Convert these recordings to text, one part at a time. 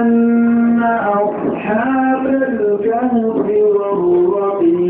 أن أصحاب الكهف والرقيم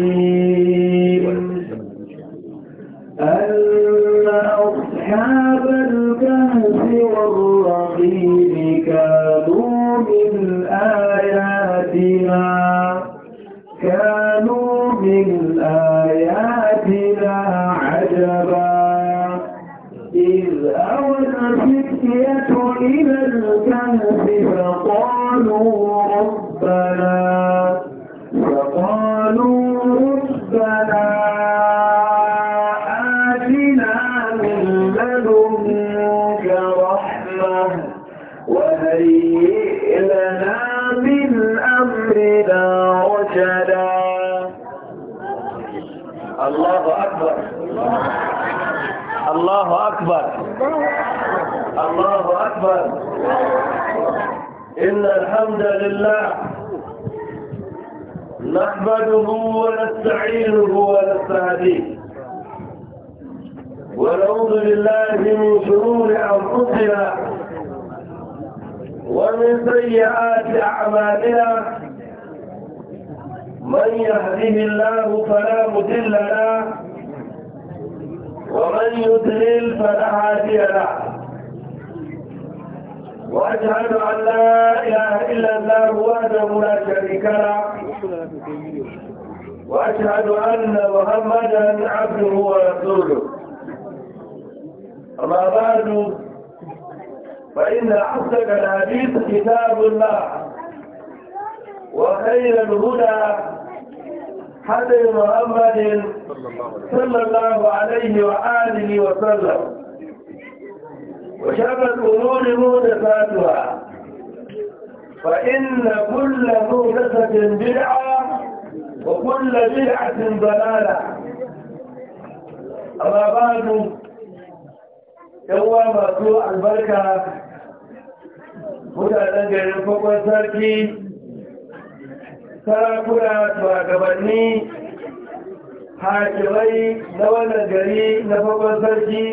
منك رحمة وهيئ لنا من أمرنا رشدا الله أكبر الله أكبر الله أكبر إن الحمد لله نحمده ونستعينه ونستهديه سيئات أعمالنا من يهده الله فلا مضل له ومن يضلل فلا هادي له واشهد ان لا اله الا الله وحده لا شريك له واشهد ان محمدا عبده ورسوله اما بعد فإن أحسن الحديث كتاب الله وخير الهدى حدي محمد صلى الله عليه وآله وسلم وشر الأمور مهدفاتها فإن كل مهدفة بدعة وكل بدعة ضلالة أما بعد يوم سوء البركة mutanen garin kwakwan sarki sarakuna shugabanni hakimai na wannan gari na kwakwan sarki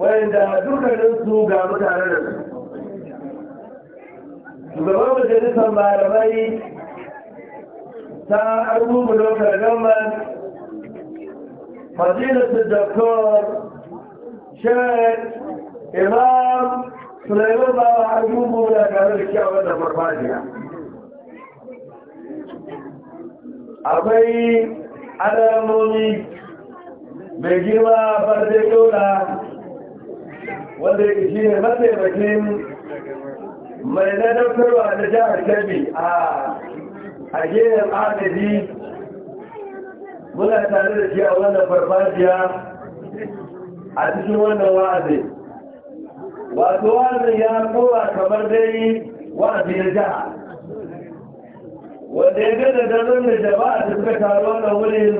wadanda dukkaninsu ga mutanen da su shugaban majalisar malamai ta abubu lokar gaman fadilatul doktor shek imam Sulaiman ba wa ajubu na tare da kyawun da farfajiya. Akwai alamomi mai girma farde yola wanda yake shi ne mataimakin mai na daukarwa da jihar Kebbi a ajiyar agaji muna tare da shi a wannan farfajiya a cikin wannan wa'azin. wato wannan ya kowa kamar dai wa'azi ya jiha wanda ya gada dazan da jama'a da suka taru wannan wurin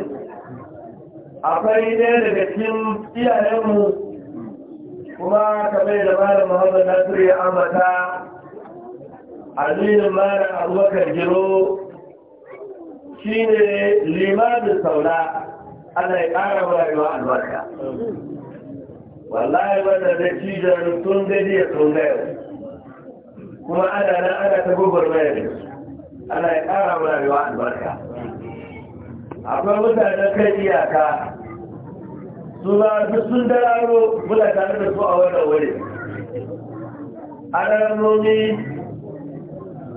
akwai ɗaya daga cikin iyayenmu kuma kamar da malam muhammad nasiru ya amata aliyu malam abubakar giro shine limamin sauna ana ya ƙara rayuwa albarka wallahi wanda da da tun gani ya tun gaya kuma ana nan ana ta gubar mai ne ana ya ƙara mana yawa albarka akwai mutanen kai iyaka su ba su sun dararo bula tare da su a wannan wuri ana nomi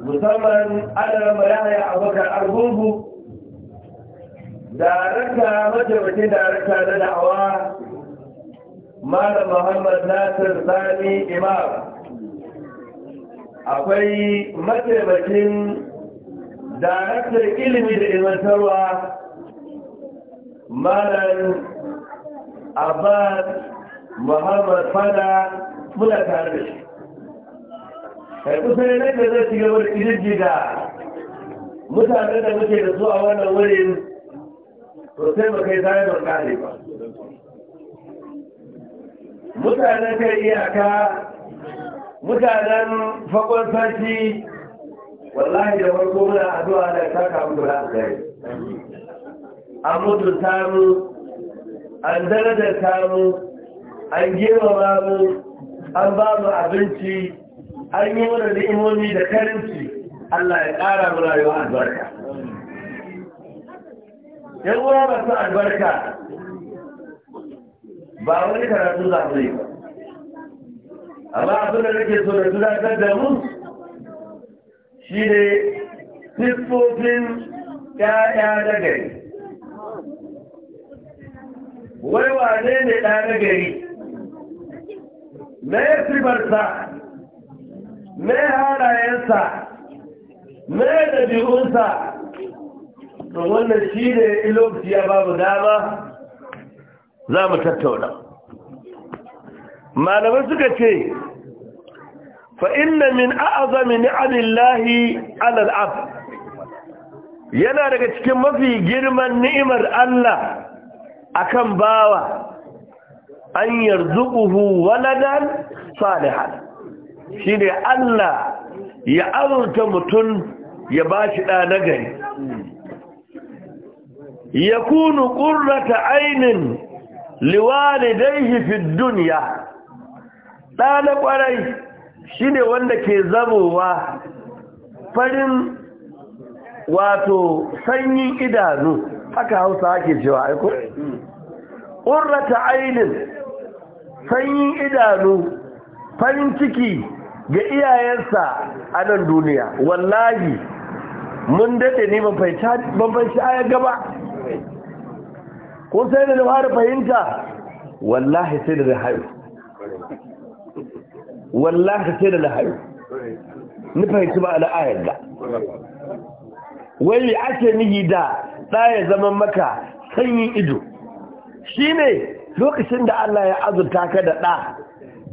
musamman ana a abokan argungu darakta da darakta da da'awa malam muhammad nasir sani imam akwai mataimakin daraktar ilimi da ilmantarwa malam abbas muhammad fada muna tare da shi kai kusa ne nake zai shiga wani ƙididdiga mutane da muke da su a wannan wurin to sai mu kai zai ba mutanen kan iyaka mutanen fakon sarki wallahi da farko muna addu'a da ta kamu da kai an mutunta mu an darajarta mu an girmama mu an ba abinci an yi wani ni'imomi da karinci Allah ya ƙara mu rayuwa albarka yan uwa masu albarka ba wani karatu za mu yi ba amma abin da nake so da tunatar da mu shi ne siffofin ‘ya'ya na gari wai wane ne ɗa na gari Me ya sifarsa na halayensa me ya ɗabi'unsa to wannan shi ne ilo ya babu dama za mu tattauna malamai suka ce fa'inna min a'azami ni'adillahi alal'af yana daga cikin mafi girman ni'imar Allah akan bawa an yarzuquhu waladan salihan shine Allah ya arunta mutum ya ba bashi da Ya kunu ƙurrata ainin daihi fi dunya da na kwarai shine wanda ke zabowa farin wato sanyin idanu haka hausa ake cewa aiko ƙurrata ainin sanyin idanu farin ciki ga iyayensa a nan duniya wallahi mun daɗe ne ban mafaita ya gaba ko sai da na fahimta wallahi sai da na wallahi sai da ni fahimci ba al'ayar da wai ake nihi da ɗaya zaman maka sanyi ido shi ne lokacin da Allah ya azurta ka da ɗa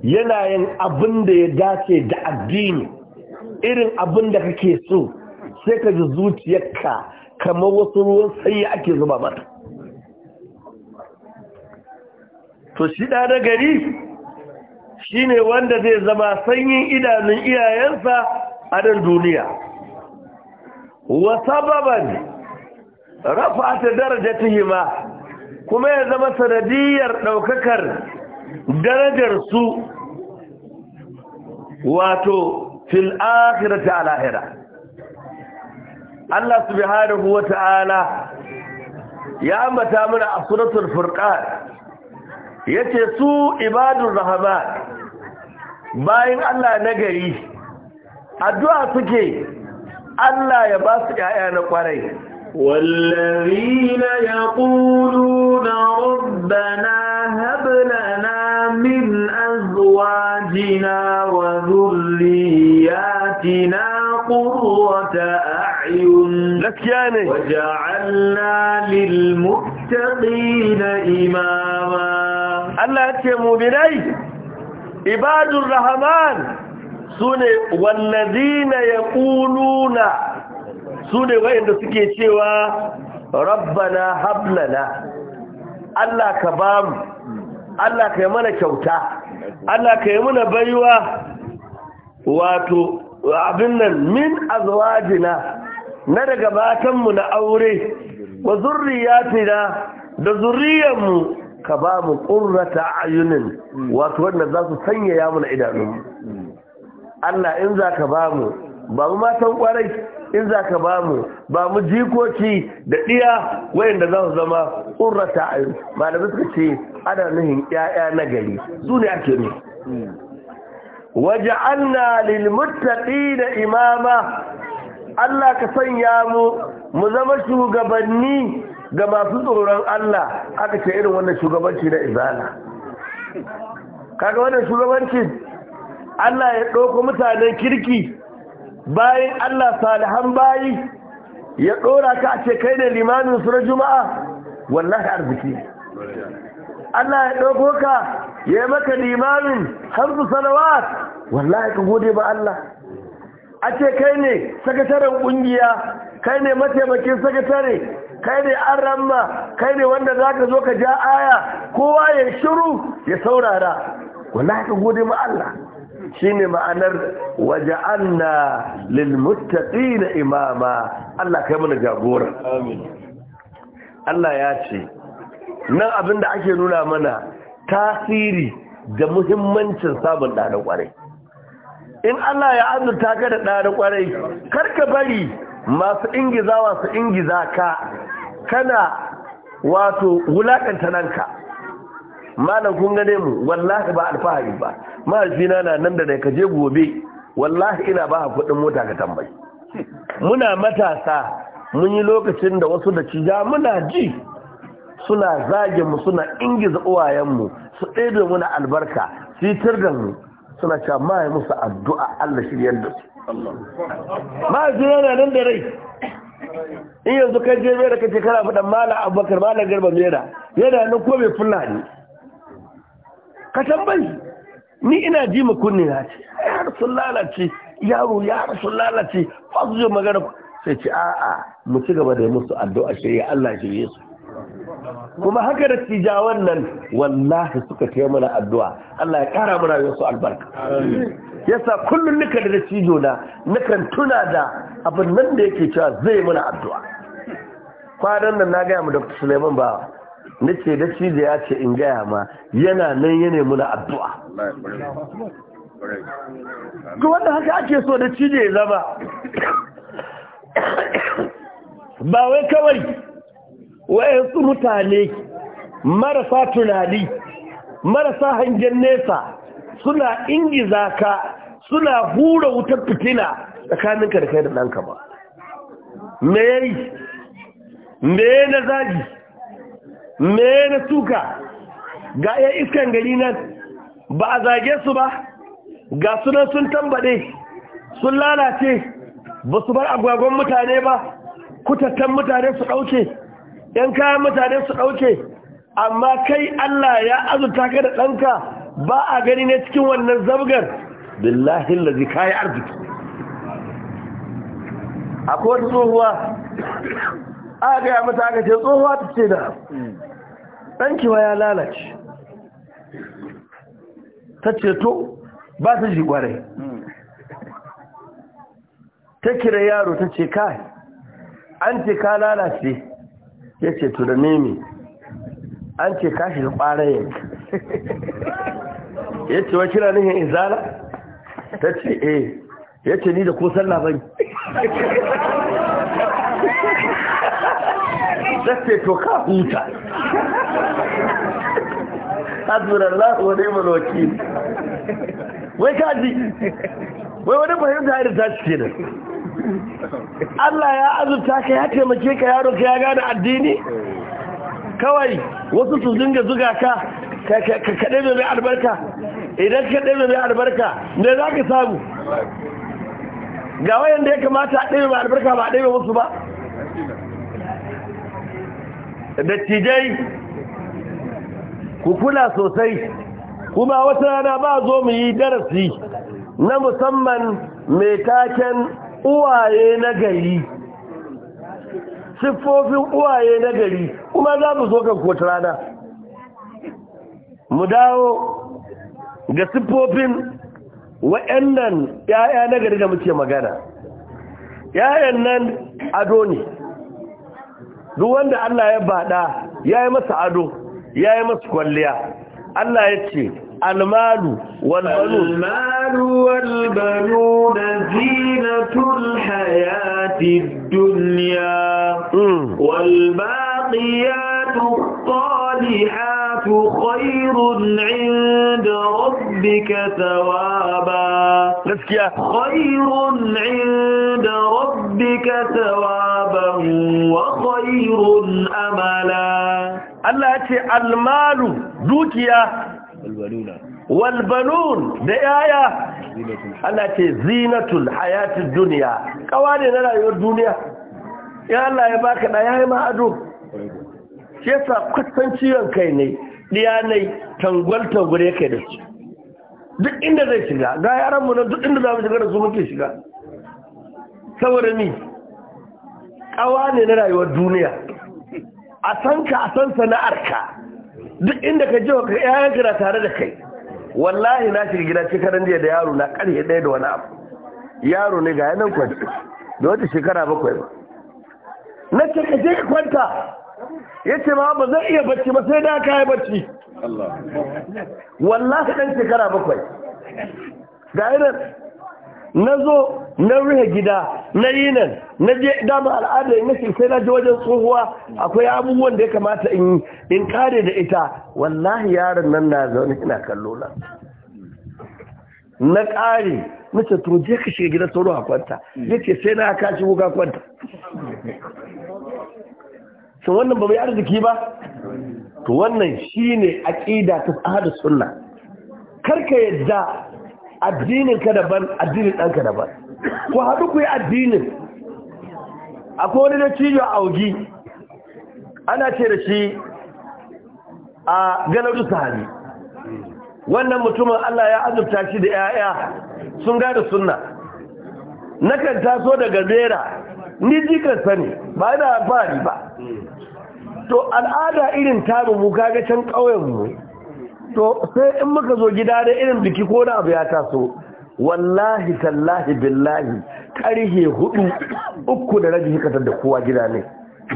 yana yin abin da ya dace da addini irin abin da kake so sai ka ji zuciyarka kamar wasu ruwan sanyi ake zuba mata to shi da gari shi ne wanda zai zama sanyin idanun iyayensa a nan duniya wa sababan rafa ta hima kuma ya zama sanadiyar ɗaukakar darajarsu wato fil akhirati a Allah subhanahu ta'ala ya ambata mana a suratul furqan Yace su ibadun rahama bayan Allah nagari addu’a suke Allah ya ba su ƴaƴa na ƙwarai wallari na ya ƙuru na rubana haɓina min azuwa jina wa zurri ya tina ƙurwata a ayyun gaskiya ne wajen allalin mutane imama Allah ya ce muminai ibadun rahman su wallazina ya sune su ne suke cewa rabbana hablana Allah ka ba Allah ka yi mana kyauta Allah ka yi mana baiwa wato abin nan min azwajina na daga matanmu na aure wa zurriyatina da zurriyanmu ka ba mu a ayunin wato wanda za su sanya ya mu Allah in za ka ba mu ba mu matan kwarai in za ka ba mu ba mu jikoki da ɗiya da za su zama ƙurrata a yi suka ce ana nuhin ƴaƴa na gari su ne ake ne waje na lilmuttaƙi da imama Allah ka sanya mu mu zama shugabanni ga masu tsoron Allah aka ce irin wannan shugabanci na izala kaga wannan shugabanci Allah ya ɗauko mutanen kirki bayan Allah salihan bayi ya ɗora ka a ce kai ne limamin su na juma'a wallahi arziki Allah ya ɗauko ka ya yi maka limamin hamsu salawat wallahi ka gode ba Allah a ce kai ne sakataren ƙungiya kai ne mataimakin sakatare kai ne an ramma kai ne wanda za ka zo ka ja aya kowa ya shiru ya saurara wanda ka gode ma Allah ne ma'anar waje na lil na imama Allah kai mana jagora Allah ya ce nan abin da ake nuna mana tasiri da muhimmancin sabon da kwarai in Allah ya azurta ka da ɗa kwarai kar ka bari masu ingiza su ingiza ka kana wato wulakanta nanka malam kun gane mu wallahi ba alfahari ba mahaifina na nan da da kaje gobe wallahi ina ba kuɗin mota ka tambayi muna matasa mun yi lokacin da wasu da cija muna ji suna zage mu suna ingiza mu su ɗaya muna albarka fitar da mu suna cewa ma musu addu'a Allah shiryar da su ma'aji yana nan da rai in yanzu kan je mera kake kana faɗan mala abubakar mala garba mera yana nan ko mai fulla ne ka tambayi ni ina ji mu kunni na ce ya sun lalace yaro ya sun lalace fasu su je magana sai ce a'a mu ci gaba da yi musu addu'a shirya Allah ya su kuma haka da tija nan wallahi suka kai mana addu'a Allah ya kara mana yau su albarka yasa kullum nika da cijo na nakan tuna da abin nan da yake cewa zai mana addu'a kwanan nan na gaya mu dr suleiman ba na ce da cijo ya ce in gaya ma yana nan yana muna addu'a to wanda haka ake so da cijo ya zama ba wai kawai wayansu mutane marasa tunani marasa hangen nesa suna ingiza ka suna hura wutar fitina tsakaninka da kai da ɗanka ba me ya yi me na zagi me na tuka ga ya iskan gari nan ba a zage su ba ga sunan sun tambade, sun lalace ba su bar agwagwan mutane ba kutattan mutane su ɗauke ‘yan kayan mutane su ɗauke amma kai Allah ya azurta ka da ɗanka ba a gani na cikin wannan zabgar billahi lazi kayi arziki akwai wata tsohuwa aka gaya mata aka ce tsohuwa ta ce da ɗanki ya lalace ta ceto ba ta ji kwarai ta kira yaro ta ce kai an ce ka lalace ya ce to da nemi an ce ka shiga kwarai yanka ya ce wa kira nihin izala ta ce eh ya ce ni da ko sallah bane ta ce to ka huta hasbunallah lafi wani maloki wai ka ji wai wani fahimta irin ta cike da Allah ya azurta ka ya taimake ka yaro ka ya gane addini kawai wasu su dinga zuga ka ka mai albarka idan ka ɗaya mai albarka ne za ka samu ga wayan da ya kamata a ɗaya mai albarka ba a ɗaya musu ba dattijai ku kula sosai kuma wata rana ba zo mu yi darasi na musamman mai taken uwaye na gari siffofin uwaye na gari kuma za mu zo kan kotu rana mu dawo ga siffofin wa'annan ‘ya'ya na gari da muke magana ‘ya'yan nan ado ne duk wanda Allah ya bada ya yi masa ado ya yi masa kwalliya Allah ya ce almalu walbanu almalu walbanu da zinatul hayati duniya hmm. walbaƙiyatu ƙwalihatu khairun Gaskiya. ثوابا خير عند Allah ya ce almalu dukiya walbanun da yaya Allah ce zinatul hayatid duniya kawa ne na rayuwar duniya ya Allah ya baka da yayi ma ado shi yasa kusanci kai ne diyanai tangwal tangure kai da su duk inda zai shiga ga yaran mu nan duk inda za mu shiga da su muke shiga saboda ni kawa ne na rayuwar duniya a san ka a san sana'arka duk inda ka je ka yayan ka tare da kai wallahi na shiga gida shekaran jiya da yaro na karhe ɗaya da wani abu yaro ne ga yanan kwanci da wata shekara bakwai ba na ce ka je ka kwanta ya ce ma ba zai iya bacci ba sai da ka yi bacci wallahi ɗan shekara bakwai ga irin na zo na rufe gida na yi nan na je dama al'ada na shi sai na je wajen tsohuwa akwai abubuwan da ya kamata in yi kare da ita wallahi yaron nan na zaune ina kallo na na kare na to je ka shiga gida sauro a kwanta yace sai na kashi wuka kwanta shi wannan ba mai arziki ba to wannan shi ne aƙida ta tsada sunna karka yadda addinin ka daban addinin ɗanka daban ku haɗu ku yi addinin A wani da cijo a augi ana ce da shi a ganar sahari wannan mutumin Allah ya azurta shi da 'ya'ya sun gada sunna kan taso daga bera ni jikarsa ne ba yana alfahari ba to al'ada irin tabu mu kaga can ƙauyenmu to sai in muka zo gida da irin biki ko na abu ya taso wallahi tallahi billahi karhe hudu uku da rabi hikatar da kowa gida ne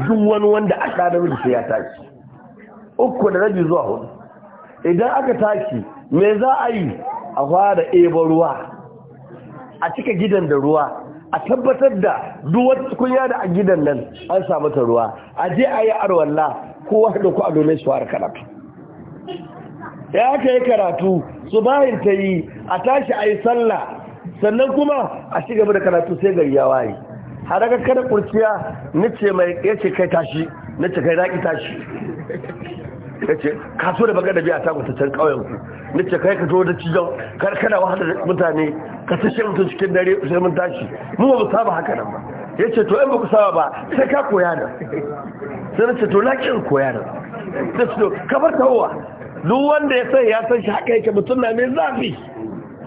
duk wani wanda a da namiji sai ya tashi uku da rabi zuwa hudu idan aka tashi me za a yi a fara ebo ruwa a cika gidan da ruwa a tabbatar da duk wata kunya da a gidan nan an samu ta ruwa a je a yi arwalla kowa da ku a domin su har karatu ya aka yi karatu su bayan ta yi a tashi a yi sallah sannan kuma a ci gaba da karatu sai gari ya waye har aka kada kurciya nace mai ce kai tashi nace kai tashi ya ce kaso da baka da biya ta ku nace kai ka zo da cijon kar kana wahala da mutane ka shi mutum cikin dare sai mun tashi mu ba mu saba haka nan ba yace to in ba ku saba ba sai ka koya da sai nace to na kin koya da sai to kamar tawa duk wanda ya sai ya san shi haka yake mutum na mai zafi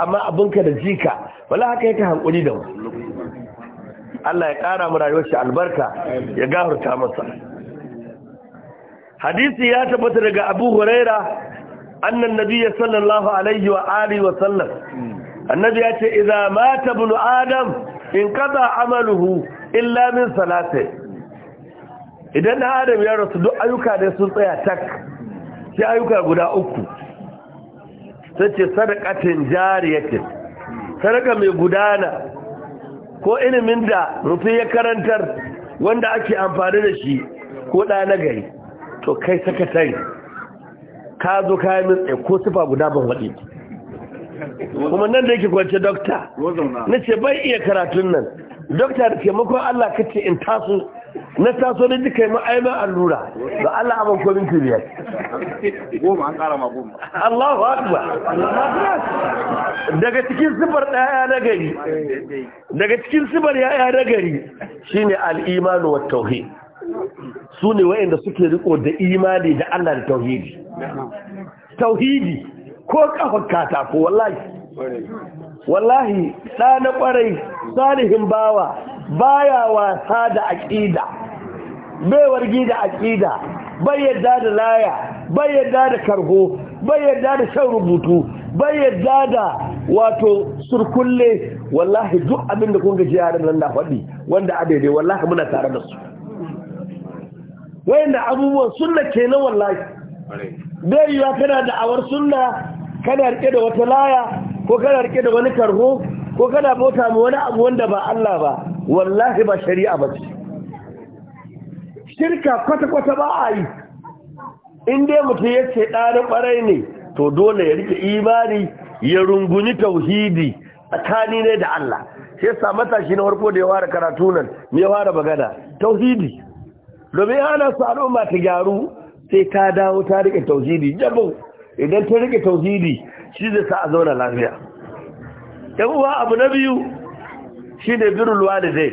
amma ka da jika wala haka yake hankuli da Allah ya ƙara mu rayuwar shi albarka ya gafarta masa hadisi ya tabbata daga Abu Huraira annan nabiyya sallallahu alaihi wa alihi wa sallam annabi ya ce idza mata ibn adam in qada amaluhu illa min salati idan da adam ya rasu duk ayyuka da sun tsaya tak sai ayyuka guda uku sai ce sadaqatin jariyatin sadaqa mai gudana ko ilimin da rufi ya karantar wanda ake amfani da shi ko ɗa na gari to kai sakatai ka zo ka yi min ko sifa guda ban waɗi kuma nan da yake kwance dokta na ce bai iya karatun nan dokta da taimakon Allah ka ce in taso na taso da duka yi ma'aimar allura da Allah abin komin kiriya goma an kara ma goma Allahu akbar daga cikin sifar ɗaya na gari daga cikin sifar yaya na gari shine al'imanu wa tauhid su ne wa'inda suke riko da imani da Allah da tauhidi tauhidi ko kafar katako wallahi wallahi ɗa na ƙwarai salihin bawa baya wasa da aƙida baiwar gida da aƙida bai yadda da laya bai yadda da karho bai yadda da shan rubutu bai yadda da wato surkulle wallahi duk abinda da kun gaji yaran nan na faɗi wanda a daidai wallahi muna tare da su wayanda abubuwan sunna kenan wallahi bai yiwa kana da awar sunna kana rike da wata laya ko kana rike da wani karho ko kana bauta mu wani abu wanda ba Allah ba wallahi ba shari'a ba ce shirka kwata-kwata ba a yi in dai mutum ya ce ɗarin ɓarai ne to dole ya rike imani ya runguni tauhidi tsakani ne da Allah sai sa matashi na farko da ya fara karatu nan me ya fara magana tauhidi domin hana su al'umma ta gyaru sai ta dawo ta rike tausidi, jabin idan ta rike tausidi shi zai sa a zauna lafiya yan uwa abu na biyu shi ne luwa da zai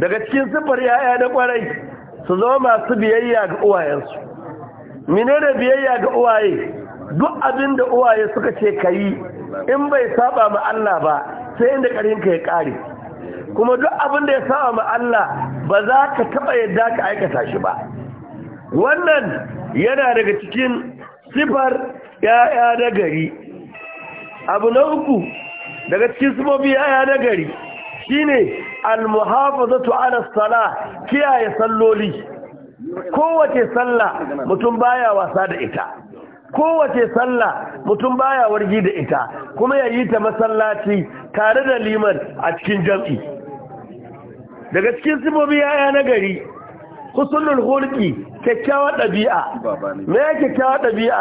daga cikin sifar yaya na kwarai su zama masu biyayya ga uwayensu Mine da biyayya ga uwaye duk abin da uwaye suka ce ka yi in bai saba ma Allah ba sai inda ka ya ƙare kuma duk abin da ya saba ma Allah ba za ka taɓa yadda ka aikata shi ba wannan yana daga cikin sifar ‘ya'ya na gari abu na uku daga cikin sifofi ‘ya'ya na gari shine almuhafazatu ala sala kiyaye salloli kowace sallah mutum baya wasa da ita kowace sallah mutum baya wargi da ita kuma yayi ta masallaci tare da liman a cikin jam'i daga cikin sibobi yaya na gari husnul hulki kyakkyawa ɗabi'a me kyakkyawar ɗabi'a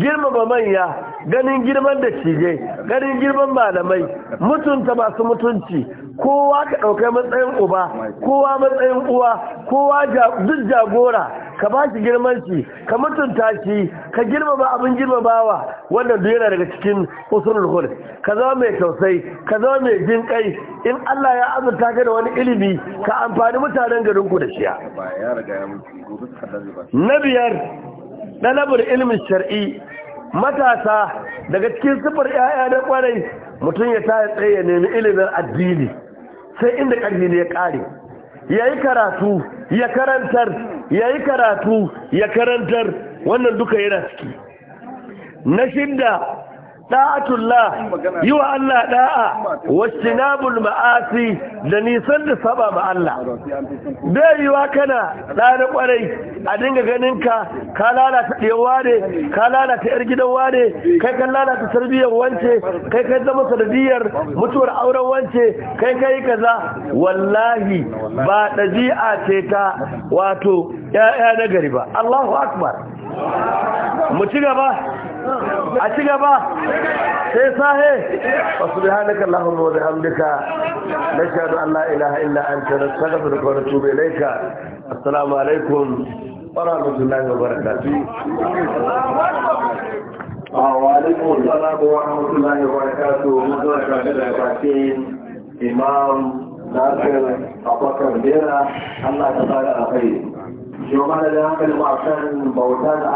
girmama manya ganin girman da cije ganin girman malamai mutunta masu mutunci kowa ka ɗaukai matsayin uba kowa matsayin uwa kowa duk jagora ka ba shi girman shi ka mutunta shi ka girmama abin girmamawa wannan duk yana daga cikin usulul khulq ka zama mai tausayi ka zama mai jin kai in Allah ya azurta ka da wani ilimi ka amfani mutanen garin ku da shi na biyar ɗalabar ilimin shar'i matasa daga cikin sifar 'ya'ya na kwarai mutum ya taya tsaye ya nemi ilimin addini sai inda ƙarfi ne ya ƙare ya yi karatu ya karantar ya yi karatu ya karantar wannan duka yana ciki na shidda da'atullah yi wa Allah da'a wastinabul ma'asi da nisan da saba ma Allah bai yiwa kana da kwarai a dinga ganin ka ka lalata ɗaya ware ka lalata yar gidan ware kai ka lalata sarbiyar wance kai kai zama sanadiyar mutuwar auren wance kai kai kaza wallahi ba ɗabi'a ce ta wato ya'ya na gari ba Allahu akbar mu ci gaba a ci gaba sai sahe wa subhanaka allahumma wa bihamdika nashhadu an la ilaha illa anta nastaghfiruka wa natubu ilayka assalamu alaikum wa rahmatullahi wa barakatuh وعليكم السلام ورحمة الله وبركاته مدرك الباكين إمام ناصر أبكر بيرا الله تبارك الخير شو معنى ذلك المعشان بوتان